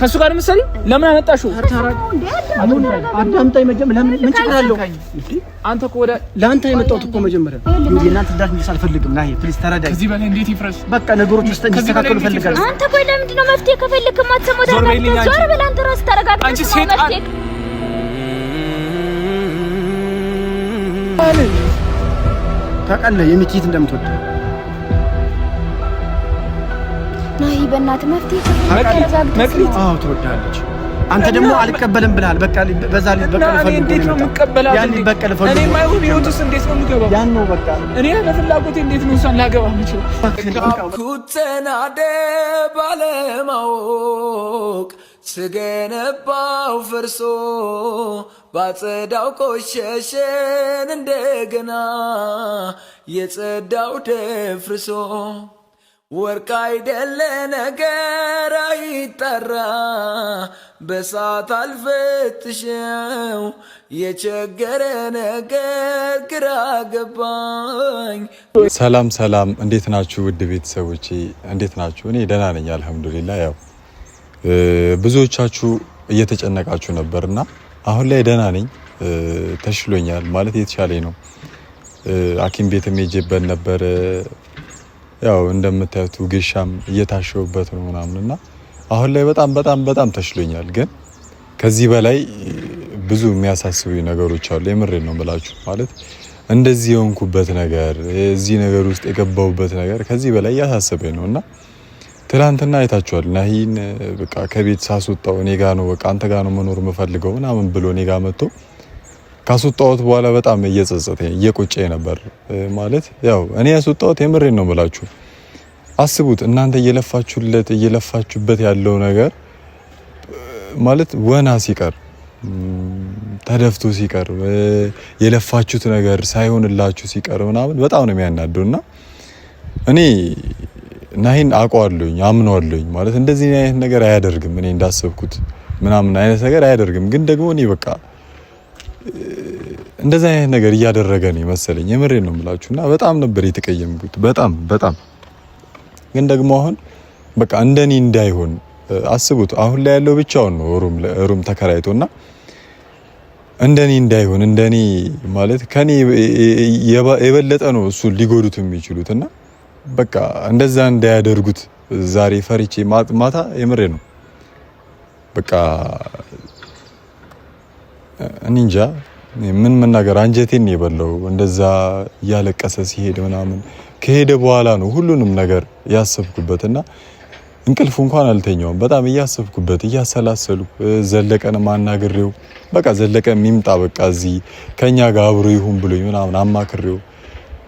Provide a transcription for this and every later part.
ከእሱ ጋር ምሳሌ ለምን አመጣሽው? አዳምጣኝ። መጀመሪያ ምን ችግር አለው? አንተ እኮ ለአንተ የመጣሁት እኮ መጀመሪያ እንዴ እናንተ ዳት እንጂ አልፈልግም። ናሂ ፕሊዝ ተረዳኝ። ከዚህ በላይ እንዴት ይፍረስ? በቃ ነገሮች ውስጥ እንዲስተካከሉ እፈልጋለሁ። አንተ ቆይ ለምንድን ነው መፍትሄ ከፈልክ ማትሰማው? ዞር በል አንተ ራስህ ተረጋግተህ አንቺ ሴጣን ታውቃለህ የሚኪት እንደምትወደው ናይ በእናትህ መፍትሄ መክሊት አዎ ትወዳለች አንተ ደግሞ አልቀበልም ብላል። በቃ በዛ ላይ በቃ ለፈሉ እንዴት ነው የምቀበላት ያን በቃ ለፈሉ እኔ ማይሆን ህይወትስ እንዴት ነው የምገባው ያን ነው በቃ እኔ ለፍላጎቴ እንዴት ነው እሷን ላገባ የምችለው ተናደ ባለማወቅ ስገነባው ፈርሶ ባጸዳው ቆሸሸን እንደገና የጸዳው ደፍርሶ ወርቅ አይደለ ነገር አይጠራ በሳት አልፈትሸው የቸገረ ነገር ግራ ገባኝ። ሰላም ሰላም፣ እንዴት ናችሁ ውድ ቤተሰቦች እንዴት ናችሁ? እኔ ደህና ነኝ አልሐምዱሊላ። ያው ብዙዎቻችሁ እየተጨነቃችሁ ነበር እና አሁን ላይ ደህና ነኝ፣ ተሽሎኛል ማለት የተሻለኝ ነው። ሐኪም ቤትም ሄጄበት ነበር ያው እንደምታዩት ውጌሻም እየታሸውበት ነው ምናምን እና አሁን ላይ በጣም በጣም በጣም ተሽሎኛል። ግን ከዚህ በላይ ብዙ የሚያሳስቡ ነገሮች አሉ። የምሬ ነው ምላችሁ ማለት እንደዚህ የሆንኩበት ነገር እዚህ ነገር ውስጥ የገባሁበት ነገር ከዚህ በላይ እያሳሰበኝ ነው እና ትናንትና አይታችኋል። ናሂን በቃ ከቤት ሳስወጣው እኔ ጋ ነው በቃ አንተ ጋ ነው መኖር የምፈልገው ምናምን ብሎ እኔ ጋ መጥቶ ካስወጣሁት በኋላ በጣም እየጸጸተኝ እየቆጨ ነበር። ማለት ያው እኔ ያስወጣሁት የምሬን ነው ብላችሁ አስቡት እናንተ እየለፋችሁለት እየለፋችሁበት ያለው ነገር ማለት ወና ሲቀር ተደፍቶ ሲቀር የለፋችሁት ነገር ሳይሆንላችሁ ሲቀር ምናምን በጣም ነው የሚያናደው። እና እኔ ናሂን አውቀዋለሁኝ አምነዋለሁኝ። ማለት እንደዚህ አይነት ነገር አያደርግም እኔ እንዳሰብኩት ምናምን አይነት ነገር አያደርግም። ግን ደግሞ እኔ በቃ እንደዛ አይነት ነገር እያደረገ ነው መሰለኝ። የምሬ ነው የምላችሁ እና በጣም ነበር የተቀየምኩት። በጣም በጣም ግን ደግሞ አሁን በቃ እንደኔ እንዳይሆን አስቡት። አሁን ላይ ያለው ብቻውን ነው ሩም ተከራይቶ እና እንደኔ እንዳይሆን እንደኔ ማለት ከኔ የበለጠ ነው እሱ ሊጎዱት የሚችሉት እና በቃ እንደዛ እንዳያደርጉት ዛሬ ፈሪቼ ማታ የምሬ ነው በቃ እንጃ ምን መናገር አንጀቴን የበለው እንደዛ እያለቀሰ ሲሄድ ምናምን ከሄደ በኋላ ነው ሁሉንም ነገር ያሰብኩበት እና እንቅልፍ እንኳን አልተኛውም። በጣም እያሰብኩበት እያሰላሰሉ ዘለቀን ማናግሬው በቃ ዘለቀ የሚምጣ በቃ እዚህ ከኛ ጋር አብሮ ይሁን ብሎኝ ምናምን አማክሬው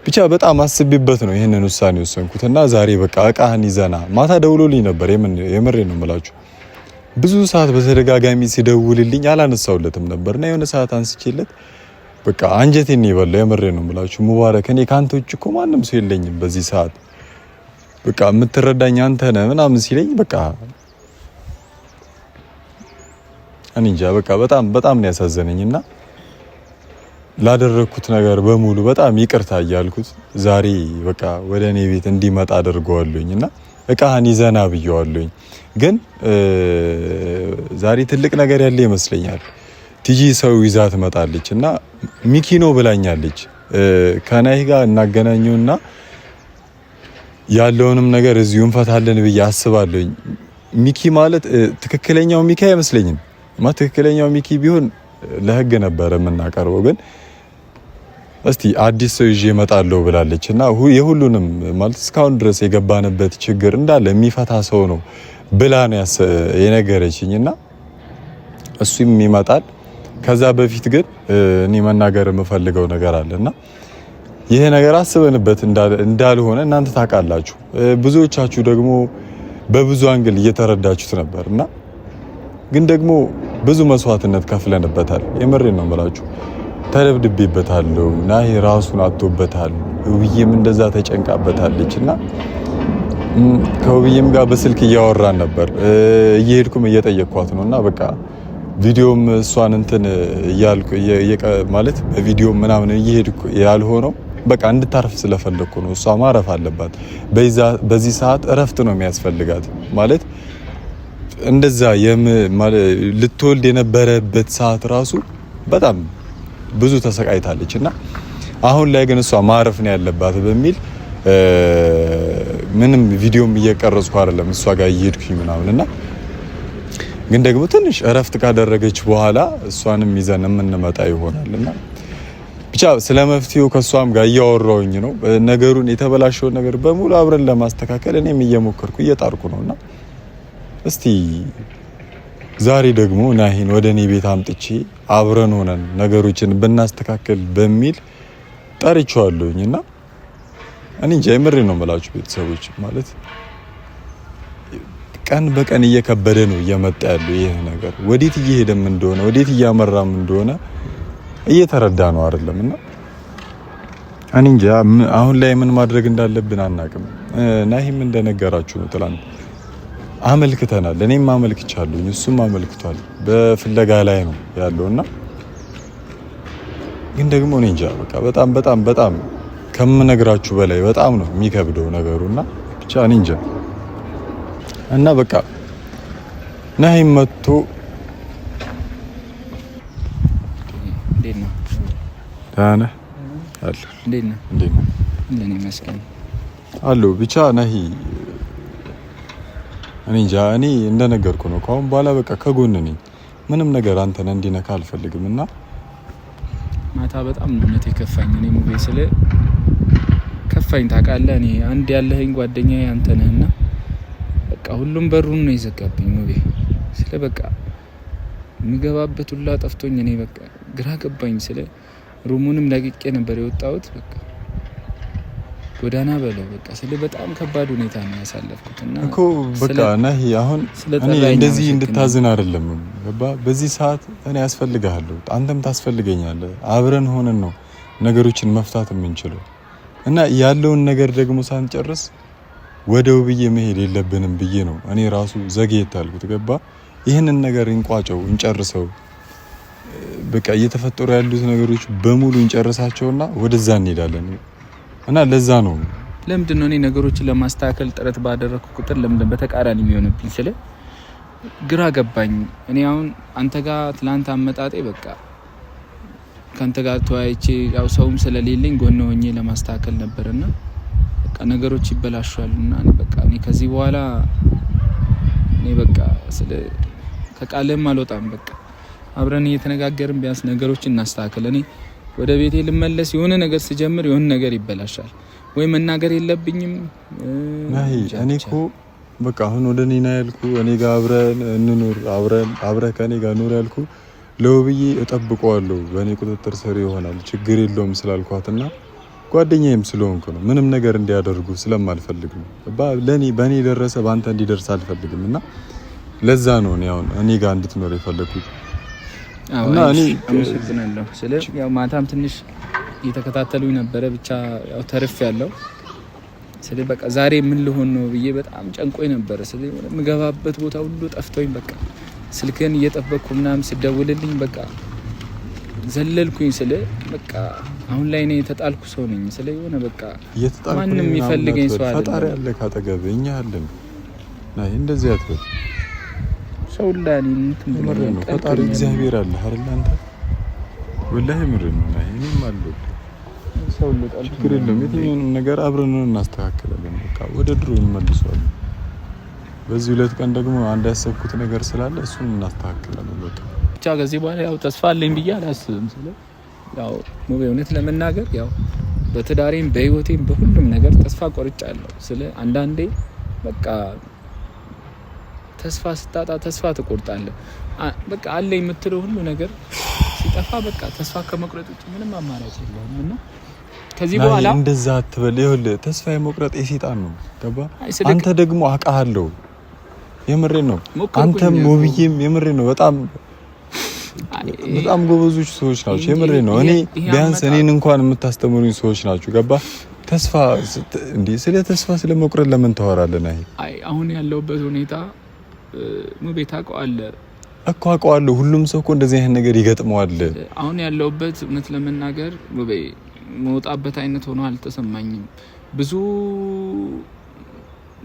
ብቻ በጣም አስቤበት ነው ይህንን ውሳኔ ወሰንኩት እና ዛሬ በቃ እቃህን ይዘና ማታ ደውሎልኝ ነበር። የምሬ ነው የምላችሁ ብዙ ሰዓት በተደጋጋሚ ሲደውልልኝ አላነሳውለትም ነበር እና የሆነ ሰዓት አንስቼለት በቃ አንጀቴን የበላው የምሬ ነው የምላችሁ። ሙባረክ እኔ ከአንተ ውጭ እኮ ማንም ሰው የለኝም በዚህ ሰዓት በቃ የምትረዳኝ አንተ ነህ ምናምን ሲለኝ በቃ እኔ እንጃ በቃ በጣም በጣም ነው ያሳዘነኝ እና ላደረግኩት ነገር በሙሉ በጣም ይቅርታ እያልኩት ዛሬ በቃ ወደ እኔ ቤት እንዲመጣ አድርገዋለሁኝ እና እቃህን ይዘና ብየዋለኝ። ግን ዛሬ ትልቅ ነገር ያለ ይመስለኛል። ቲጂ ሰው ይዛ ትመጣለች እና ሚኪኖ ብላኛለች ከናይ ጋር እናገናኘውና ያለውንም ነገር እዚሁ እንፈታለን ብዬ አስባለኝ። ሚኪ ማለት ትክክለኛው ሚኪ አይመስለኝም። ማ ትክክለኛው ሚኪ ቢሆን ለህግ ነበረ የምናቀርበው ግን እስቲ አዲስ ሰው ይዤ እመጣለሁ ብላለች እና የሁሉንም ማለት እስካሁን ድረስ የገባንበት ችግር እንዳለ የሚፈታ ሰው ነው ብላ ነው የነገረችኝ እና እሱም ይመጣል። ከዛ በፊት ግን እኔ መናገር የምፈልገው ነገር አለ እና ይሄ ነገር አስበንበት እንዳልሆነ እናንተ ታውቃላችሁ። ብዙዎቻችሁ ደግሞ በብዙ አንግል እየተረዳችሁት ነበር እና ግን ደግሞ ብዙ መስዋዕትነት ከፍለንበታል። የምሬን ነው የምላችሁ ተደብድቤበታለሁ እና ራሱን አቶበታል ውብዬም እንደዛ ተጨንቃበታለች እና ከውብዬም ጋር በስልክ እያወራን ነበር። እየሄድኩም እየጠየቅኳት ነው እና በቃ ቪዲዮም እሷን እንትን ማለት በቪዲዮ ምናምን እየሄድኩ ያልሆነው በቃ እንድታረፍ ስለፈለግኩ ነው። እሷ ማረፍ አለባት። በዚህ ሰዓት እረፍት ነው የሚያስፈልጋት ማለት እንደዛ ልትወልድ የነበረበት ሰዓት ራሱ በጣም ብዙ ተሰቃይታለች እና አሁን ላይ ግን እሷ ማረፍ ነው ያለባት በሚል ምንም ቪዲዮም እየቀረጽኩ አይደለም እሷ ጋር እየሄድኩኝ ምናምን እና ግን ደግሞ ትንሽ እረፍት ካደረገች በኋላ እሷንም ይዘን የምንመጣ ይሆናል እና ብቻ ስለ መፍትሄው ከእሷም ጋር እያወራውኝ ነው። ነገሩን የተበላሸውን ነገር በሙሉ አብረን ለማስተካከል እኔም እየሞከርኩ እየጣርኩ ነው እና እስቲ ዛሬ ደግሞ ናሂን ወደ እኔ ቤት አምጥቼ አብረን ሆነን ነገሮችን ብናስተካከል በሚል ጠርቼዋለሁኝ እና እኔ እንጃ የምሬ ነው የምላችሁ ቤተሰቦች፣ ማለት ቀን በቀን እየከበደ ነው እየመጣ ያለው ይህ ነገር። ወዴት እየሄደም እንደሆነ ወዴት እያመራም እንደሆነ እየተረዳ ነው አይደለም እና እኔ እንጃ አሁን ላይ ምን ማድረግ እንዳለብን አናቅም። ናሂም እንደነገራችሁ ነው ትላንት አመልክተናል። እኔም አመልክቻለሁኝ፣ እሱም አመልክቷል። በፍለጋ ላይ ነው ያለውና ግን ደግሞ እኔ እንጃ በቃ በጣም በጣም በጣም ከምነግራችሁ በላይ በጣም ነው የሚከብደው ነገሩና ብቻ እኔ እንጃ እና በቃ ናሂም መጥቶ ደህና ነህ አለሁ ብቻ ናሂ እኔ እንጃ። እኔ እንደነገርኩ ነው። ከአሁን በኋላ በቃ ከጎን ነኝ። ምንም ነገር አንተን እንዲነካ አልፈልግም። እና ማታ በጣም እውነት የከፋኝ እኔ ሙቤ ስለ ከፋኝ ታውቃለህ። እኔ አንድ ያለህኝ ጓደኛ አንተ ነህና በቃ ሁሉም በሩን ነው የዘጋብኝ ሙቤ ስለ በቃ የምገባበት ሁላ ጠፍቶኝ እኔ በቃ ግራ ገባኝ። ስለ ሩሙንም ለቅቄ ነበር የወጣሁት በቃ ጎዳና በለው በቃ ስለ በጣም ከባድ ሁኔታ ነው ያሳለፍኩት እኮ በቃ ነህ አሁን እኔ እንደዚህ እንድታዝን አይደለም ገባ በዚህ ሰዓት እኔ ያስፈልግሃለሁ አንተም ታስፈልገኛለህ አብረን ሆነን ነው ነገሮችን መፍታት የምንችለው እና ያለውን ነገር ደግሞ ሳንጨርስ ወደው ብዬ መሄድ የለብንም ብዬ ነው እኔ ራሱ ዘግየት አልኩት ገባ ይህንን ነገር እንቋጨው እንጨርሰው በቃ እየተፈጠሩ ያሉት ነገሮች በሙሉ እንጨርሳቸውና ወደዛ እንሄዳለን እና ለዛ ነው ለምንድን ነው እኔ ነገሮችን ለማስተካከል ጥረት ባደረግኩ ቁጥር ለምንድን በተቃራኒ የሚሆንብኝ ስለ ግራ ገባኝ። እኔ አሁን አንተ ጋር ትላንት አመጣጤ በቃ ከአንተ ጋር ተወያይቼ ያው ሰውም ስለሌለኝ ጎን ሆኜ ለማስተካከል ነበርና በቃ ነገሮች ይበላሻሉ እና በቃ እኔ ከዚህ በኋላ እኔ በቃ ስለ ከቃልም አልወጣም። በቃ አብረን እየተነጋገርን ቢያንስ ነገሮችን እናስተካክል እኔ ወደ ቤቴ ልመለስ፣ የሆነ ነገር ስጀምር የሆነ ነገር ይበላሻል ወይ መናገር የለብኝም እኔ እኮ በቃ አሁን ወደ እኔና ያልኩ እኔ ጋር አብረን እንኑር አብረን አብረህ ከእኔ ጋር ኑር ያልኩ ለውብዬ እጠብቀዋለሁ በእኔ ቁጥጥር ስር ይሆናል ችግር የለውም ስላልኳትና ጓደኛዬም ስለሆንኩ ነው ምንም ነገር እንዲያደርጉ ስለማልፈልግ ነው ለእኔ በእኔ የደረሰ በአንተ እንዲደርስ አልፈልግም እና ለዛ ነው እኔ አሁን እኔ ጋር እንድትኖር የፈለግኩት እና እኔ አመሰግናለሁ ስለ ያው ማታም ትንሽ እየተከታተሉኝ ነበረ ብቻ ያው ተርፍ ያለው ስለ በቃ ዛሬ ምን ልሆን ነው ብዬ በጣም ጨንቆኝ ነበረ። ስለ የምገባበት ቦታ ሁሉ ጠፍቶኝ በቃ ስልክን እየጠበቅኩ ምናምን ስደውልልኝ በቃ ዘለልኩኝ። ስለ በቃ አሁን ላይ ነው የተጣልኩ ሰው ነኝ። ስለ የሆነ በቃ ማንም የሚፈልገኝ ሰው አለ። ፈጣሪ አለ ካጠገብህ፣ እኛ አለን። እንደዚህ አትበል ሰው ላኔ ፈጣሪ እግዚአብሔር አለ አይደል? አንተ ወላሂ ምር ነው ላይ እኔም አለው ሰው ለጣል ችግር የለውም። የትኛውንም ነገር አብረን እናስተካክላለን። በቃ ወደ ድሮ እንመልሰዋለን። በዚህ ሁለት ቀን ደግሞ አንድ ያሰብኩት ነገር ስላለ እሱን እናስተካክላለን። በቃ ብቻ ከዚህ በኋላ ያው ተስፋ አለኝ ብዬ አላስብም። ስለ ያው ሙቤ እውነት ለመናገር ያው በትዳሬም በህይወቴም በሁሉም ነገር ተስፋ ቆርጫለሁ። ስለ አንዳንዴ በቃ ተስፋ ስታጣ ተስፋ ትቆርጣለህ። በቃ አለ የምትለው ሁሉ ነገር ሲጠፋ በቃ ተስፋ ከመቁረጥ ውጭ ምንም አማራጭ የለውም እና ከዚህ በኋላ እንደዛ አትበል። ይኸውልህ ተስፋ የመቁረጥ የሴጣን ነው። ገባህ? አንተ ደግሞ አውቃለሁ። የምሬ ነው። አንተም ውብዬም የምሬ ነው። በጣም በጣም ጎበዞች ሰዎች ናቸው። የምሬ ነው። እኔ ቢያንስ እኔን እንኳን የምታስተምሩኝ ሰዎች ናቸው። ገባህ? ተስፋ እንዲህ ስለ ተስፋ ስለ መቁረጥ ለምን ታወራለህ? አይ አሁን ያለውበት ሁኔታ ሙቤት አውቀዋለሁ እኮ አውቀዋለሁ። ሁሉም ሰው እኮ እንደዚህ አይነት ነገር ይገጥመዋል። አሁን ያለውበት እውነት ለመናገር ሙቤ መውጣበት አይነት ሆኖ አልተሰማኝም። ብዙ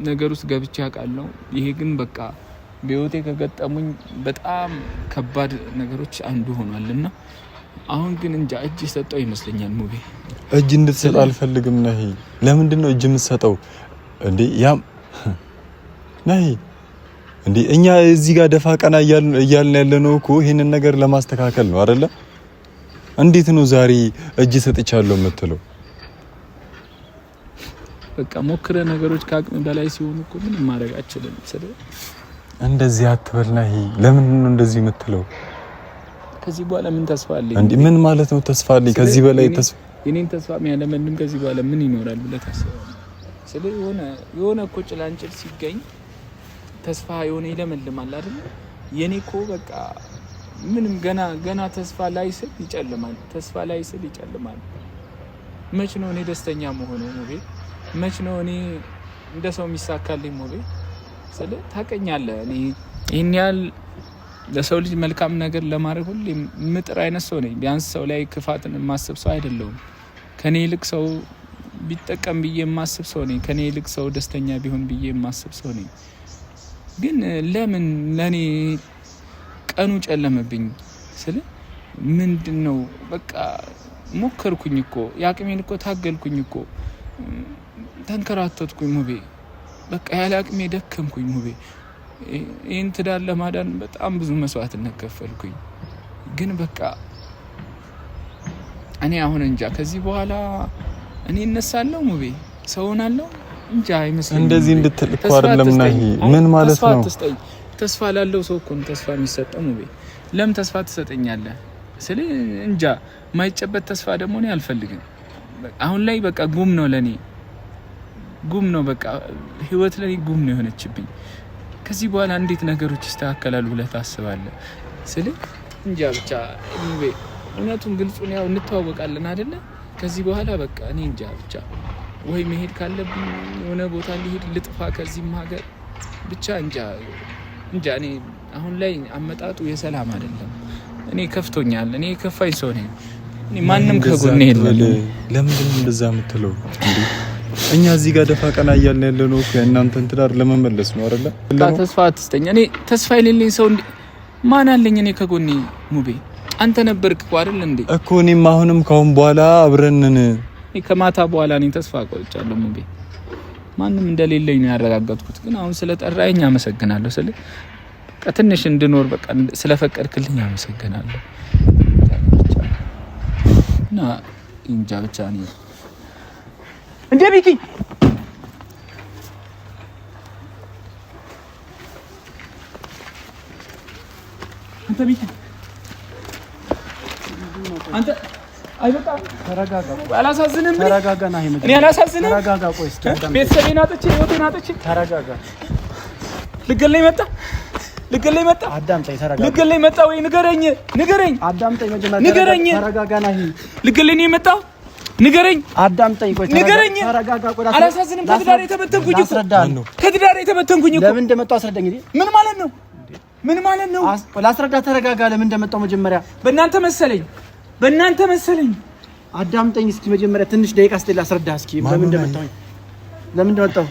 ነገር ውስጥ ገብቼ አውቃለሁ። ይሄ ግን በቃ በህይወቴ ከገጠሙኝ በጣም ከባድ ነገሮች አንዱ ሆኗል እና አሁን ግን እንጃ እጅ ሰጠው ይመስለኛል። ሙቤ እጅ እንድትሰጥ አልፈልግም ነሂ። ለምንድን ነው እጅ የምትሰጠው እንዴ? ያም ነሂ እንዴ እኛ እዚህ ጋር ደፋ ቀና እያልን ያለ ነው እኮ ይሄንን ነገር ለማስተካከል ነው አይደለ? እንዴት ነው ዛሬ እጅ ሰጥቻለሁ የምትለው? በቃ ሞክረ ነገሮች ከአቅም በላይ ሲሆኑ እኮ ምንም ማድረግ አችልም። እንደዚህ አትበልና፣ ይሄ ለምን ነው እንደዚህ የምትለው? ከዚህ በኋላ ምን ተስፋ አለኝ? እንዴ ምን ማለት ነው ተስፋ አለኝ? ከዚህ በላይ ተስፋ የኔን ተስፋ ያለምንም ከዚህ በኋላ ምን ይኖራል ብለህ ታስባለህ? ስለ የሆነ የሆነ እኮ ጭላንጭል ሲገኝ ተስፋ የሆነ ይለመልማል አይደል? የኔ ኮ በቃ ምንም ገና ገና ተስፋ ላይ ስል ይጨልማል፣ ተስፋ ላይ ስል ይጨልማል። መች ነው እኔ ደስተኛ መሆኑ ሙቤ? መች ነው እኔ እንደ ሰው የሚሳካልኝ ሙቤ? ስለ ታቀኛለህ እኔ ይህን ያህል ለሰው ልጅ መልካም ነገር ለማድረግ ሁሌ ምጥር አይነት ሰው ነኝ። ቢያንስ ሰው ላይ ክፋትን የማስብ ሰው አይደለሁም። ከኔ ይልቅ ሰው ቢጠቀም ብዬ የማስብ ሰው ነኝ። ከኔ ይልቅ ሰው ደስተኛ ቢሆን ብዬ የማስብ ሰው ነኝ። ግን ለምን ለእኔ ቀኑ ጨለመብኝ ስል ምንድን ነው በቃ ሞከርኩኝ እኮ የአቅሜን እኮ ታገልኩኝ እኮ ተንከራተትኩኝ ሙቤ በቃ ያለ አቅሜ ደከምኩኝ ሙቤ ይህን ትዳር ለማዳን በጣም ብዙ መስዋዕትነት ከፈልኩኝ ግን በቃ እኔ አሁን እንጃ ከዚህ በኋላ እኔ እነሳለሁ ሙቤ ሰውን አለው እንደዚህ እንድትል እኮ አይደለም ናይ ምን ማለት ነው? ተስፋ ላለው ሰው እኮ ነው ተስፋ የሚሰጠው። ነው ቤ ለምን ተስፋ ትሰጠኛለህ? ስለ እንጃ የማይጨበት ተስፋ ደግሞ እኔ አልፈልግም። አሁን ላይ በቃ ጉም ነው ለኔ ጉም ነው በቃ ህይወት ለኔ ጉም ነው የሆነችብኝ። ከዚህ በኋላ እንዴት ነገሮች ይስተካከላሉ ብለህ ታስባለህ? ስለ እንጃ ብቻ ቤ እውነቱን ግልጹን ያው እንተዋወቃለን አይደለ? ከዚህ በኋላ በቃ እኔ እንጃ ብቻ ወይ መሄድ ካለብኝ የሆነ ቦታ ሊሄድ ልጥፋ ከዚህም ሀገር ብቻ እንጃ እንጃ። እኔ አሁን ላይ አመጣጡ የሰላም አይደለም። እኔ ከፍቶኛል። እኔ የከፋኝ ሰው ነኝ። ማንም ከጎን የለም። ለምንድን እንደዛ የምትለው? እኛ እዚህ ጋር ደፋ ቀና እያልን ያለ ነው እናንተን ትዳር ለመመለስ ነው አይደለ? ተስፋ አትስተኛ። እኔ ተስፋ የሌለኝ ሰው ማን አለኝ? እኔ ከጎኔ ሙቤ አንተ ነበርክ አይደል እንዴ? እኮ እኔም አሁንም ካሁን በኋላ አብረንን ከማታ በኋላ እኔ ተስፋ ቆይቻለሁ። ሙቤ ማንም እንደሌለኝ ነው ያረጋገጥኩት። ግን አሁን ስለጠራኝ አመሰግናለሁ። ስለ በቃ ትንሽ እንድኖር በቃ ስለፈቀድክልኝ አመሰግናለሁ። እና እንጃ ብቻ እኔ እንደ ቢኪ አንተ ቢኪ አንተ አላሳዝንም። እኔ አላሳዝንም። ቤተሰቤን አጥቼ ህይወቴን አጥቼ ልገለኝ መጣ ልገለኝ መጣ። አዳምጠኝ፣ ተረጋጋ። ልገለኝ መጣ ወይ ንገረኝ፣ ንገረኝ። አዳምጠኝ፣ መጀመሪያ ንገረኝ። ተረጋጋና ይሄ ልገለኝ የመጣ ንገረኝ። አዳምጠኝ፣ ቆይ ንገረኝ። ተረጋጋ። ቆይ አላሳዝንም። ከትዳር የተበተንኩኝ እኮ አስረዳሃለሁ። ከትዳር የተበተንኩኝ እኮ ለምን እንደመጣሁ አስረዳኝ። ምን ማለት ነው? ምን ማለት ነው? ላስረዳ። ተረጋጋ። ለምን እንደመጣሁ መጀመሪያ በእናንተ መሰለኝ በእናንተ መሰለኝ። አዳምጠኝ እስኪ መጀመሪያ ትንሽ ደቂቃ ስጥል አስረዳህ እስኪ ለምን እንደመጣሁኝ ለምን እንደመጣሁ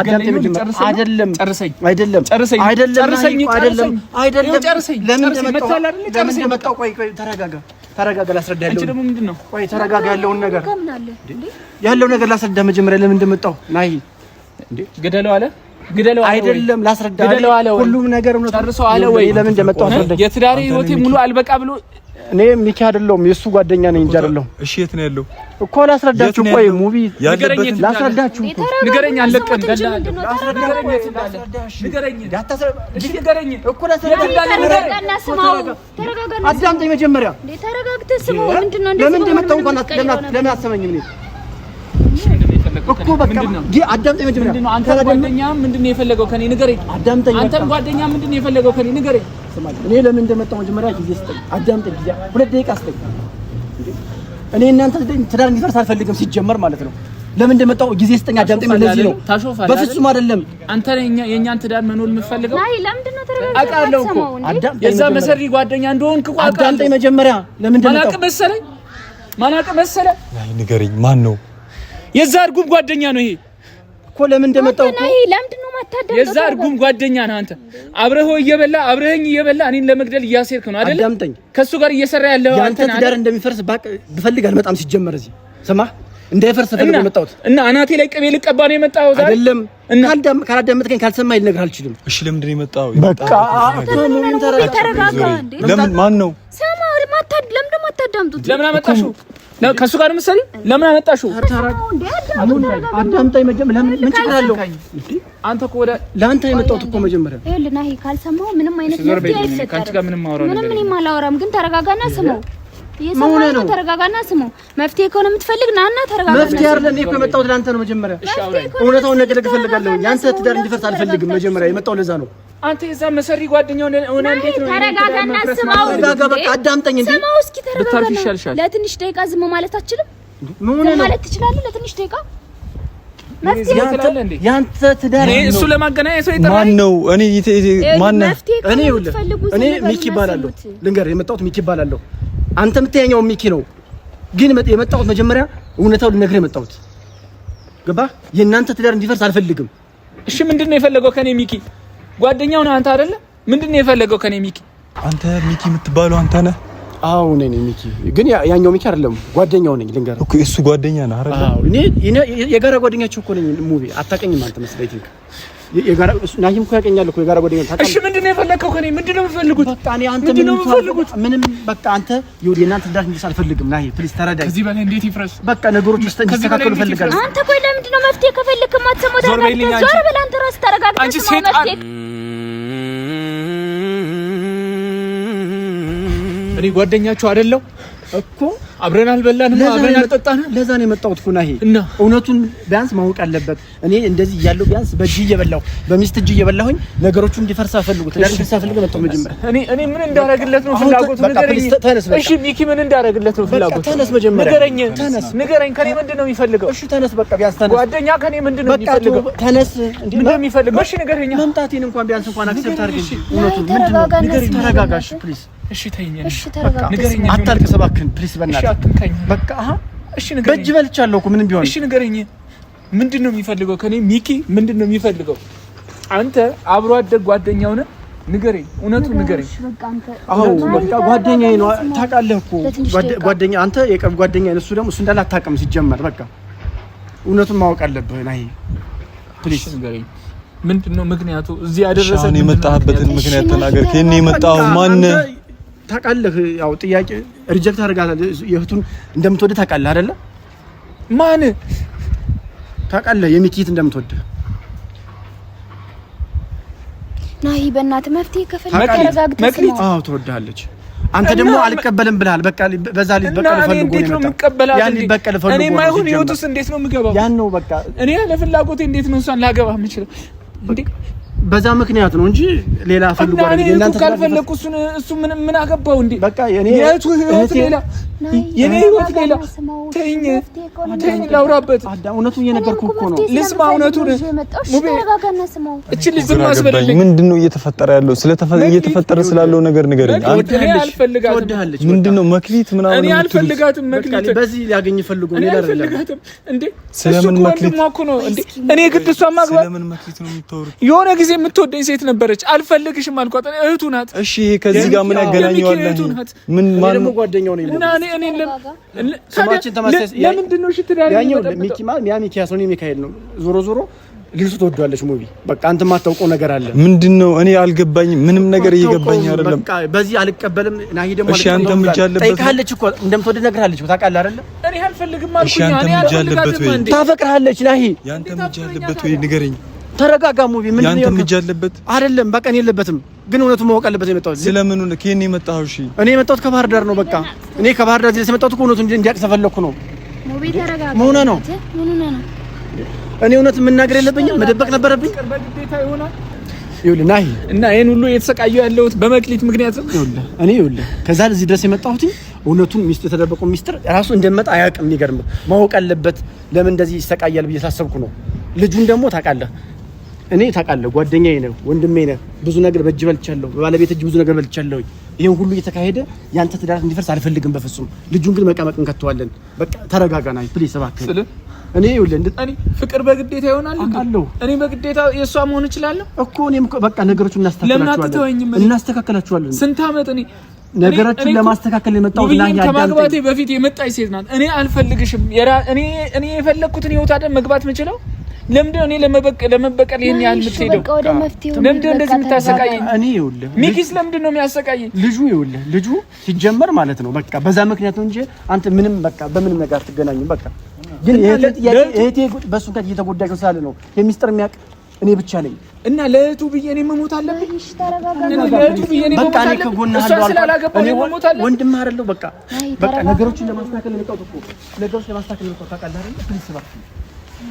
አዳምጠኝ አይደለም ጨርሰኝ፣ አይደለም ጨርሰኝ፣ አይደለም አይደለም ጨርሰኝ። ለምን እንደመጣሁ ቆይ ቆይ፣ ተረጋጋ፣ ተረጋጋ፣ ምንድን ነው። ቆይ ተረጋጋ፣ ያለውን ነገር ያለው ነገር መጀመሪያ ለምን እንደመጣሁ ናይ እንዴ አለ ግደለው አይደለም ላስረዳህ፣ ሁሉም ነገር ነው ጨርሰው አለ ወይ ለምን እንደመጣሁ አስረዳህ። የትዳሬ ህይወቴ ሙሉ አልበቃ ብሎ እኔ ሚኪ አይደለሁም የእሱ ጓደኛ ነኝ እንጂ አይደለሁም። እሺ የት ነው ያለው እኮ ላስረዳችሁ። ቆይ ሙቪ ላስረዳችሁ እኮ ንገረኝ። አለቀን አዳምጠኝ መጀመሪያ። ለምን እንደመጣሁ እንኳን ለምን አትሰማኝም? እኮ አዳምጠኝ። መጀመሪያ የፈለገው ከኔ ንገረኝ። የፈለገው ከኔ ንገረኝ። እኔ ለምን እንደመጣሁ መጀመሪያ ጊዜ ስጠኝ፣ አዳምጠኝ። ጊዜ ሁለት ደቂቃ ስጠኝ። እኔ እናንተ ትዳር እንዲፈርስ አልፈልግም ሲጀመር ማለት ነው። ለምን እንደመጣሁ ጊዜ ስጠኝ፣ አዳምጠኝ። ለዚህ ነው በፍጹም አይደለም። አንተ የእኛን ትዳር መኖር የምፈልገው አውቃለሁ እኮ የዛ መሰሪ ጓደኛ እንደሆንክ እኮ አዳምጠኝ መጀመሪያ። ለምን እንደመጣሁ ማናቅ መሰለኝ፣ ማናቅ መሰለህ። አይ ንገረኝ፣ ማን ነው የዛ እርጉም ጓደኛ ነው ይሄ እኮ። ለምን እንደመጣው እኮ የዛ እርጉም ጓደኛ ነው አንተ። አብረህ እየበላ አብረህኝ እየበላ እኔን ለመግደል እያሴርክ ነው አይደል? አዳምጠኝ። ከሱ ጋር እየሰራ ያለው አንተ ትዳር እንደሚፈርስ ባቅ ብፈልግ አልመጣም። ሲጀመር እዚህ ስማ እንዳይፈርስ ፈልገህ የመጣሁት እና አናቴ ላይ ቅቤ ልቀባ ነው የመጣው ዛሬ አይደለም። እና ካላዳመጥከኝ ካልሰማኸኝ ልነግርህ አልችልም። እሺ ለምንድን ነው የመጣው? በቃ ለምን ማን ነው? ስማ ለምን አታዳምጡት? ለምን አመጣሽው? ከእሱ ጋር ምሳሌ ለምን አመጣሽው? አዳምጣኝ። መጀመሪያ ምን ችግር አንተ ወደ መጀመሪያ ምንም አይነት ምንም ግን ተረጋጋና ስመው ነው። ተረጋጋና መፍትሄ ከሆነ የምትፈልግ ናና ተረጋጋ። መፍትሄ አይደለም እኮ የመጣሁት ለአንተ ነው። መጀመሪያ እውነታውን ነገር እፈልጋለሁ። ያንተ ትዳር እንዲፈርስ አልፈልግም። መጀመሪያ የመጣሁት ለዛ ነው። አንተ የዛ መሰሪ ጓደኛው ሆነ እንዴት ነው? ተረጋጋና ስማው። ተረጋጋ፣ በቃ አዳምጠኝ እንዴ። ስማው እስኪ ተረጋጋ። ለትንሽ ደቂቃ ዝም ማለት አትችልም? ዝም ማለት ትችላለህ? ለትንሽ ደቂቃ ያንተ ትዳር ነው። እሱ ለማገናኘት ሰው የጠራኝ ማን ነው? እኔ ማን ነህ? እኔ እኔ ሚኪ እባላለሁ። ልንገርህ፣ የመጣሁት ሚኪ እባላለሁ። አንተ የምትያኛው ሚኪ ነው፣ ግን የመጣሁት መጀመሪያ እውነታው ልነግርህ የመጣሁት ገባህ? የእናንተ ትዳር እንዲፈርስ አልፈልግም። እሺ፣ ምንድን ነው የፈለገው ከኔ ሚኪ? ጓደኛው ነህ አንተ አይደለ? ምንድን ነው የፈለገው ከኔ? ሚኪ አንተ ሚኪ የምትባለው አንተ ነህ? አዎ እኔ ነኝ ሚኪ። ግን ያኛው ሚኪ አይደለም፣ ጓደኛው ነኝ። ልንገርህ እኮ እሱ ጓደኛ ነህ አይደለ? አዎ እኔ የጋራ ጓደኛችሁ እኮ ነኝ። ሙቪ አታውቀኝም አንተ መስለኝ ቲንክ የጋራ እሱ ናሂም እኮ ያውቀኛል እኮ የጋራ ጓደኛ። እሺ ምንድን ነው የፈለከው ከኔ? ምንድን ነው የምፈልጉት? በቃ እኔ አንተ ምንድን ነው የምፈልጉት? ምንም በቃ አንተ ይኸውልህ፣ የእናንተ ትዳር እንጂ አልፈልግም። ናሂ ፕሊስ ተረዳኝ። ከዚህ በላይ እንዴት ይፍረስ? በቃ ነገሮች ውስጥ እንዲስተካከሉ እፈልጋለሁ። አንተ ቆይ ለምንድን ነው መፍትሄ ከፈለክ የማትሰማው? ዞር በል አንተ። ራስህ ተረጋግተህ ስማ መፍትሄ እኔ ጓደኛችሁ አይደለሁ እኮ አብረን አልበላንም፣ አብረን አልጠጣንም። ለዛ ነው የመጣሁት እኮ ይሄ እና እውነቱን ቢያንስ ማወቅ አለበት። እኔ እንደዚህ እያለሁ ቢያንስ በእጅ እየበላሁ በሚስት እጅ እየበላሁኝ ነገሮቹ እንዲፈርሳ ፈልጉ ትዳር እንዲፈርሳ ፈልገ መጣሁ። መጀመሪያ እኔ እኔ ምን እንዳረግለት ነው ፍላጎቱ? ንገረኝ። እሺ ሚኪ፣ ምን እንዳረግለት ነው ፍላጎቱ? ተነስ፣ መጀመሪያ ንገረኝ፣ ተነስ፣ ንገረኝ። ከኔ ምንድን ነው የሚፈልገው? እሺ ተነስ፣ በቃ ቢያንስ ተነስ። ጓደኛ ከኔ ምንድን ነው የሚፈልገው? ተነስ። እንዴ ምንድን ነው የሚፈልገው? እሺ ንገረኝ። መምጣቴን እንኳን ቢያንስ እንኳን አክሰፕት አድርገኝ። እውነቱን ምንድን ነው? ንገረኝ። ተረጋጋሽ ፕሊዝ እሺ ተይኝ፣ እሺ ተረጋጋ፣ ንገረኝ። አታልቅስ እባክህን ፕሊስ፣ በእናትህ አትንካኝ። በቃ አሃ፣ እሺ ንገረኝ። በእጅ በልቻለሁ እኮ ምንም ቢሆን። እሺ ንገረኝ፣ ምንድን ነው የሚፈልገው ከኔ? ሚኪ ምንድን ነው የሚፈልገው? አንተ አብሮ አደግ ጓደኛው ነህ። ንገረኝ፣ እውነቱን ንገረኝ። አዎ በቃ ጓደኛዬ ነው። ታውቃለህ እኮ ጓደኛ፣ አንተ የቅርብ ጓደኛዬ ነው። እሱ ደግሞ እሱ እንዳለ አታውቅም ሲጀመር። በቃ እውነቱን ማወቅ አለብህ። ናይ ፕሊስ ንገረኝ። ምንድን ነው ምክንያቱ? እዚህ ያደረሰን የመጣህበትን ምክንያት ተናገር። ከኔ የመጣው ማን ታውቃለህ፣ ያው ጥያቄ ሪጀክት አድርጋታል። የእህቱን እንደምትወድ ታውቃለህ አይደለ? ማን ታውቃለህ? የሚኪት እንደምትወድ ናሂ፣ በእናትህ መፍትሄ ከፈለግ ተረጋግተህ። አዎ ትወድሃለች። አንተ ደግሞ አልቀበልም ብለሃል። በቃ በዛ ላይ በቀል ፈልጎ ነው የምቀበላት። ያን በቀል ፈልጎ እኔ ማይሆን ህይወት ውስጥ እንዴት ነው የምገባው? ያን ነው በቃ። እኔ ለፍላጎቴ እንዴት ነው እሷን ላገባ የምችለው? በዛ ምክንያት ነው እንጂ ሌላ ፈልጎ አይደለም። እናንተ ካልፈለኩ እሱን እሱ ምን ምን አገባው እንዴ? በቃ የኔ እህቱ ህይወት ሌላ፣ የኔ ህይወት ሌላ። ተይኝ ተይኝ፣ ላውራበት። እውነቱን እየነገርኩ እኮ ነው። ልስማ፣ እውነቱን ሙቤ። እቺ ልጅ ዝም አስበልልኝ። ምንድነው እየተፈጠረ ያለው? እየተፈጠረ ስላለው ነገር ንገረኝ። እኔ አልፈልጋትም። ምንድነው መክሊት ምናምን? እኔ አልፈልጋትም። መክሊት በዚህ ሊያገኝ ፈልጎ ነው አልፈልጋትም። እንዴ ስለምን መክሊት ነው እንዴ? እኔ ግድ እሷን ማግባት የሆነ ጊዜ የምትወደኝ ሴት ነበረች። አልፈልግሽም አልኳት። እህቱ ናት። እሺ፣ ከዚህ ጋር ምን ያገናኘዋል? ምን ነው? ጓደኛው ነው እና እኔ እኔ ለምንድን ነው? ያኛው ሚኪ ያ ነው፣ ሚካኤል ነው። ዞሮ ዞሮ ልጅቱ ትወዷለች። ሙቪ በቃ አንተ የማታውቀው ነገር አለ። ምንድን ነው? እኔ አልገባኝም። ምንም ነገር እየገባኝ አይደለም። በዚህ አልቀበልም። ናሂ ደግሞ እሺ፣ አንተም እጅ አለበት። ጠይቃለች እኮ እንደምትወድ ታውቃለህ አይደለ? እኔ አልፈልግም አልኩኝ። እኔ አልፈልግም። ታፈቅርሃለች ናሂ። ያንተም እጅ አለበት ወይ ንገረኝ። ተረጋጋ። ሙቢ ምን ነው ያንተ እጅ አለበት አይደለም? በቃ እኔ የለበትም፣ ግን እውነቱ ማወቅ አለበት። የመጣሁት ስለምኑ ነው? ከኔ የመጣው እሺ፣ እኔ የመጣሁት ከባህር ዳር ነው። በቃ እኔ ከባህር ዳር እዚህ የመጣሁት እውነቱ እንዲያውቅ ስለፈለኩ ነው። ሙቢ ተረጋጋ። ምን ሆነህ ነው? እኔ እውነት መናገር የለብኝም መደበቅ ነበረብኝ። ይኸውልህ ናሂ እና ይሄን ሁሉ የተሰቃየው ያለሁት በመክሊት ምክንያት ነው። ይኸውልህ እኔ ይኸውልህ ከዛ ለዚህ ድረስ የመጣሁት እውነቱን ሚስት የተደበቀው ሚስጥር ራሱ እንደመጣ አያውቅም። የሚገርምህ ማወቅ አለበት ለምን እንደዚህ ይሰቃያል ብዬ ሳሰብኩ ነው። ልጁን ደግሞ ታውቃለህ እኔ ታውቃለህ፣ ጓደኛዬ ነህ፣ ወንድሜ ነህ። ብዙ ነገር በእጅ በልቻለሁ፣ በባለቤት እጅ ብዙ ነገር በልቻለሁ። ይሄን ሁሉ እየተካሄደ ያንተ ትዳር እንዲፈርስ አልፈልግም በፍጹም። ልጁን ግን መቀመቅ እንከተዋለን። በቃ ተረጋጋ፣ ና ፕሊስ፣ እባክህ። እኔ ይኸውልህ፣ እኔ ፍቅር በግዴታ ይሆናል አውቃለሁ። እኔ በግዴታ የእሷ መሆን እችላለሁ እኮ እኔም በቃ ነገሮቹን እናስተካክላቸዋለን፣ እናስተካክላቸዋለን። ስንት ዓመት እኔ ነገሮችን ለማስተካከል የመጣው እና ከማግባቴ በፊት የመጣች ሴት ናት። እኔ አልፈልግሽም። እኔ የፈለግኩትን ህይወት አይደል መግባት የምችለው ለምንድን ነው እኔ ለመበቀል ይህን ያህል የምትሄደው? ለምንድን ነው እንደዚህ የምታሰቃየኝ? እኔ ይኸውልህ ሚኪስ ለምንድን ነው የሚያሰቃየኝ? ልጁ ይኸውልህ ልጁ ሲጀመር ማለት ነው በቃ በዛ ምክንያት ነው እንጂ አንተ ምንም በቃ በምንም ነገር አትገናኝም። በቃ ግን እህቴ በእሱ ምክንያት እየተጎዳች ነው ስላለ ነው የሚስጥር የሚያውቅ እኔ ብቻ ነኝ እና ለእህቱ ብዬ እኔ መሞት አለብኝ። ለእህቱ ብዬ እኔ መሞት አለብኝ። እሷን ስላላገባሁ እኔ መሞት አለብኝ። ወንድም አይደለሁ። በቃ በቃ ነገሮችን ለማስተካከል ነው የመጣሁት እኮ ነገሮችን ለማስተካከል ነው የመጣሁት ታውቃለህ አይደል? ፕሊስ እባክህ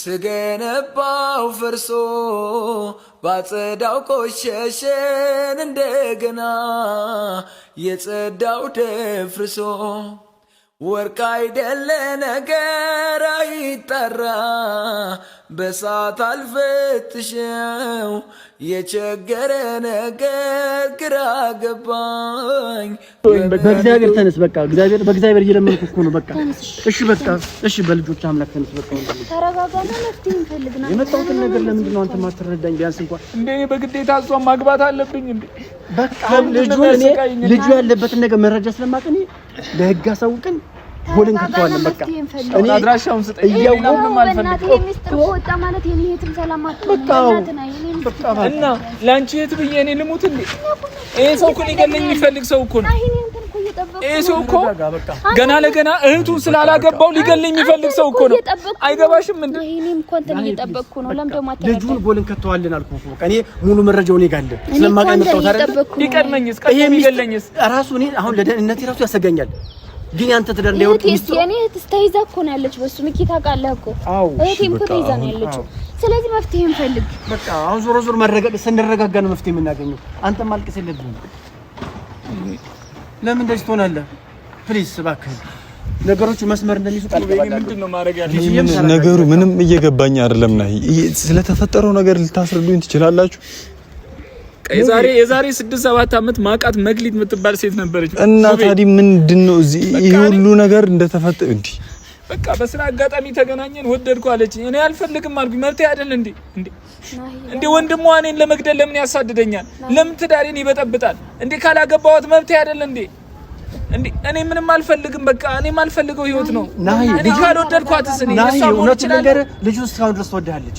ስገነባው ፈርሶ ባጸዳው ቆሸሸን እንደገና የጸዳው ደፍርሶ ወርቅ አይደለ ነገር አይጠራ በሳት አልፈትሸው የቸገረ ነገር ግራ ገባኝ። በእግዚአብሔር ተነስ፣ በቃ እግዚአብሔር በእግዚአብሔር እየለመንኩ እኮ ነው። በቃ እሺ፣ በቃ እሺ፣ በልጆች አምላክ ተነስ፣ በቃ ተረጋጋና የመጣሁትን ነገር ለምንድን ነው አንተ ማትረዳኝ? ቢያንስ እንኳን እንደ በግዴታ እሷን ማግባት አለብኝ እንዴ? በቃ ልጁ ያለበትን ነገር መረጃ ስለማቀኝ ለህግ አሳውቀኝ። ጎልን ከፍተዋለን። በቃ እኔ አድራሻውን ስጠኝ እና ለአንቺ እህት ብዬ እኔ ልሙት እንዴ? ይሄ ሰው እኮ ሊገለኝ የሚፈልግ ሰው እኮ ነው። ይሄ ሰው እኮ ገና ለገና እህቱን ስላላገባው ሊገለኝ የሚፈልግ ሰው እኮ ነው። አይገባሽም እንዴ? ልጁን ጎልን ከተዋልን አልኩ እኮ እኔ ሙሉ መረጃው እኔ ጋር አለ። ስለማውቅ የመጣሁት አይደል? ቢቀድመኝስ? ራሱ እኔ አሁን ለደህንነቴ ራሱ ያሰጋኛል። ግን ያንተ ትዳር እንዳይወድቅ ሚስጥሩ የኔ እህትስ ተይዛ እኮ ነው ያለችው። በሱ ምኪ ታውቃለህ እኮ እህቴም እኮ ተይዛ ነው ያለችው። ስለዚህ መፍትሄ እንፈልግ። በቃ አሁን ዞሮ ዞሮ መረጋጋት ስንረጋጋ ነው መፍትሄ የምናገኘው። አንተም ማልቀስ የለብህም። ለምን እንደዚህ ትሆናለህ? ፕሊዝ እባክህ ነገሮቹ መስመር እንደሚይዙ ቃል ነገሩ ምንም እየገባኝ አይደለም። ናይ ስለተፈጠረው ነገር ልታስረዱኝ ትችላላችሁ? በቃ የዛሬ የዛሬ ስድስት ሰባት አመት ማቃት መግሊት የምትባል ሴት ነበረች። እና ታዲያ ምንድን ነው እዚህ ይህ ሁሉ ነገር እንደተፈጠረ? እንዲ በቃ በስራ አጋጣሚ ተገናኘን፣ ወደድኩ አለች። እኔ አልፈልግም አልኩኝ። መብቴ አይደል እንዴ? እንዴ ወንድሟ እኔን ለመግደል ለምን ያሳድደኛል? ለምን ትዳሬን ይበጠብጣል? እንዴ ካላገባኋት መብቴ አይደል እንዴ? እንዴ እኔ ምንም አልፈልግም። በቃ እኔ የማልፈልገው ህይወት ነው። እኔ ካልወደድኳትስ እኔ እሷ ሆነች ነገር ልጁ እስካሁን ድረስ ትወድሃለች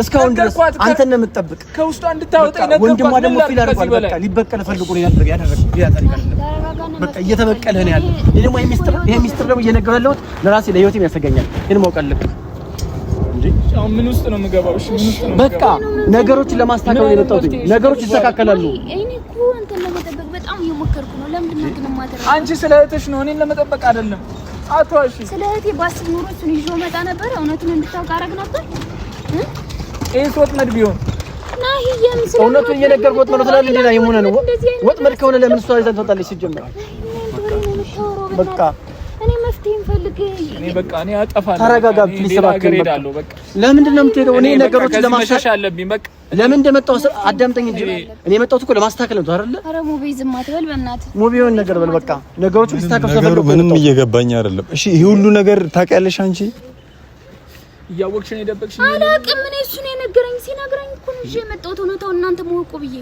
እስካሁን ድረስ አንተ ነው የምትጠብቅ። ከውስጧ እንድታወጣ ይነገርኳት። ወንድሟ ደግሞ ፊል አድርጓል። በቃ ሊበቀለ ፈልጎ ነው ያደረገ ያደረገ ያደረገ በቃ እየተበቀለ ነው ያለ። ይሄ ደግሞ ሚስጥር ይሄ ሚስጥር ደግሞ እየነገረው ያለሁት ለራሴ ለህይወቴም ያሰጋኛል። ይሄን ማወቅ አለብህ። ምን ውስጥ ነው የምገባው? እሺ ምን ውስጥ ነው በቃ ነገሮችን ለማስተካከል ነው የመጣሁት። ነገሮች ይስተካከላሉ። እኔ እኮ አንተን ለመጠበቅ በጣም እየሞከርኩ ነው። ለምንድን ነው ግን የማደርገው? አንቺ ስለ እህትሽ ነው፣ እኔን ለመጠበቅ አይደለም። አትዋሺ። ስለ እህቴ ባስብ ኖሮ እሱን ይዤው መጣ ነበር። እውነቱን እንድታውቅ አደረግ ነበር። ይሄ ወጥመድ ቢሆን እውነቱን እየነገርኩት ነው። ስለዚህ ሌላ የሆነ ነው ወጥመድ ከሆነ ለምን እሷ ይዛት ትወጣለች? ሲጀምር በቃ እኔ መፍትሄ እንፈልግ። እኔ በቃ እኔ አጠፋለሁ። ተረጋጋ። ለምንድን ነው የምትሄደው? እኔ ነገሮችን ለማሻሻል አለብኝ። በቃ ለምን እንደመጣሁ አዳምጠኝ እንጂ እኔ የመጣሁት እኮ ለማስተካከል ነው አይደል? ኧረ ሙቪ ዝም አትበል፣ በእናትህ ሙቪ የሆነ ነገር በል። በቃ ነገሮቹ ምንም እየገባኝ አይደለም። እሺ ይሄ ሁሉ ነገር ታውቂያለሽ አንቺ እያወቅሽ ነው የደበቅሽኝ? አላውቅም። እኔ እሱ ነው የነገረኝ። ሲነግረኝ እኮ ነው ይዤ የመጣሁት እውነታውን እናንተ መወቁ ብዬ።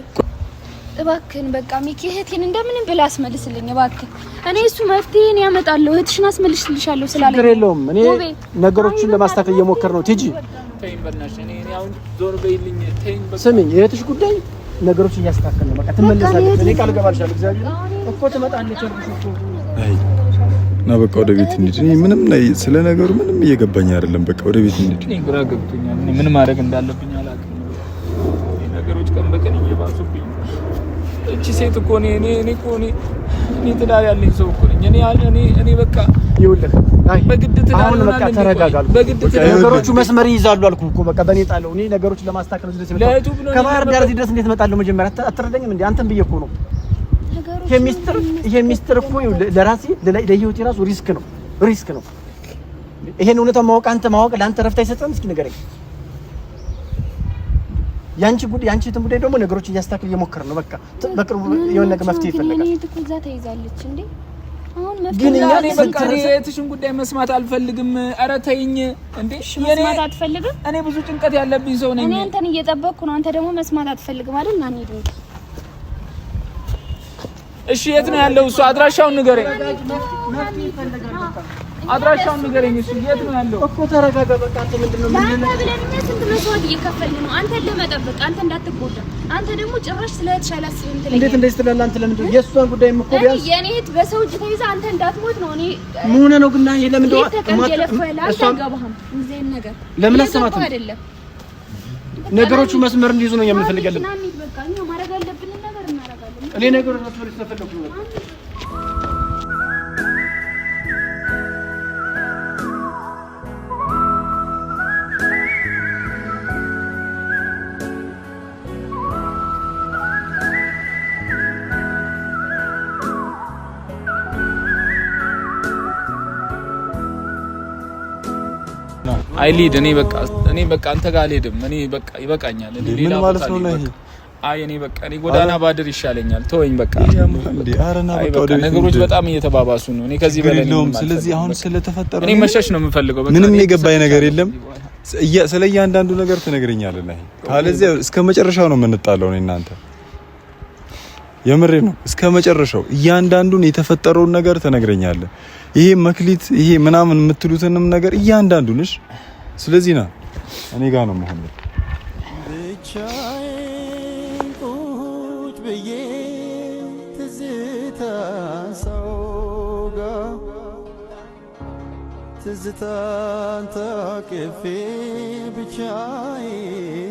እባክህን በቃ ሚኪ እህቴን እንደምንም ብለህ አስመልስልኝ እባክህ። እኔ እሱ መፍትሄን ያመጣለሁ እህትሽን አስመልስልሻለሁ ስላለኝ ችግር የለውም። እኔ ነገሮችን ለማስተካከል እየሞከር ነው። ቲጂ ስሚኝ፣ እህትሽ ጉዳይ ነገሮችን እያስተካከል ነው። በቃ ትመለሳለች። እኔ ቃል እገባልሻለሁ። እግዚአብሔር እኮ ትመጣለች። እና በቃ ወደ ቤት እንሂድ። እኔ ምንም ስለ ነገሩ ምንም እየገባኝ አይደለም። በቃ ወደ ቤት እንሂድ። እኔ ግራ ገብቶኛል። እኔ ምን ማድረግ እንዳለብኝ አላውቅም። ነገሮች ቀን በቀን እየባሱብኝ። እቺ ሴት እኮ እኔ እኔ እኔ እኮ እኔ እኔ ትዳር ያለኝ ሰው እኮ ነኝ። እኔ እኔ እኔ በቃ ይኸውልህ፣ በግድ ትዳር በቃ ተረጋጋል። በግድ ነገሮቹ መስመር ይይዛሉ አልኩ እኮ በቃ በእኔ ጣለው። እኔ ነገሮችን ለማስተካከል ድረስ ከባህር ዳር እዚህ ድረስ እንዴት እመጣለሁ? መጀመሪያ አትረዳኝም እንዴ? አንተም ብዬ እኮ ነው ሚስጥር ይሄ ሚስጥር እኮ ለራሴ ለህይወቴ ራሱ ሪስክ ነው ሪስክ ነው። ይሄን እውነታ ማወቅ አንተ ማወቅ ለአንተ ረፍት አይሰጥም። እስኪ ንገረኝ። ያንቺ ጉዳይ ያንቺ እንትን ጉዳይ ደግሞ ነገሮች እያስተካክል እየሞከረ ነው። በቃ በቅርቡ የሆነ ነገር መፍትሄ ይፈልጋል። ጉዳይ መስማት አልፈልግም። ኧረ ተይኝ እንዴ! እኔ ብዙ ጭንቀት ያለብኝ ሰው ነኝ። እኔ አንተን እየጠበቅኩ ነው። አንተ ደግሞ መስማት አትፈልግም አይደል? እሺ፣ የት ነው ያለው እሱ? አድራሻውን ንገረኝ። አድራሻውን ንገረኝ። እሱ የት ነው ያለው እኮ? ተረጋጋ። በቃ አንተ ምንድን ነው ስንት መስዋዕት እየከፈልን ነው አንተን ለመጠበቅ፣ አንተ እንዳትጎዳ። አንተ ደግሞ ጭራሽ ስለ እህትሽ አላስብም ትለኛለህ። እንዴት እንደዚህ ትላለህ አንተ? ለምንድን ነው የእሷን ጉዳይ እኮ ቢያንስ የእኔ እህት በሰው እጅ ተይዛ አንተ እንዳትሞት ነው እኔ ምን ሆነህ ነው ግን? እና ለምን እንደው አትገባህም? እንዚህን ነገር ለምን አሰማትም? ነገሮቹ መስመር እንዲይዙ ነው የምንፈልገው እኔ ነገር መስመር ስለፈለኩ ነው። አይሊድ እኔ በቃ እኔ በቃ አንተ ጋር አልሄድም። እኔ በቃ ይበቃኛል። ሌላ ማለት ነው አይ እኔ በቃ እኔ ጎዳና ባድር ይሻለኛል፣ ተወኝ በቃ። በቃ ነገሮች በጣም እየተባባሱ ነው። እኔ ከዚህ በላይ ስለዚህ አሁን ስለተፈጠረ እኔ መሸሽ ነው የምፈልገው። በቃ ምንም የገባኝ ነገር የለም። ስለ እያንዳንዱ ነገር ትነግረኛለህ። ካለዚያ እስከ መጨረሻው ነው የምንጣለው። እናንተ የምሬ ነው። እስከ መጨረሻው እያንዳንዱን የተፈጠረውን ነገር ትነግረኛለህ። ይሄ መክሊት፣ ይሄ ምናምን የምትሉትንም ነገር እያንዳንዱንሽ። ስለዚህ ና እኔ ጋር ነው መሆን ትዝታን ታቅፌ ብቻዬ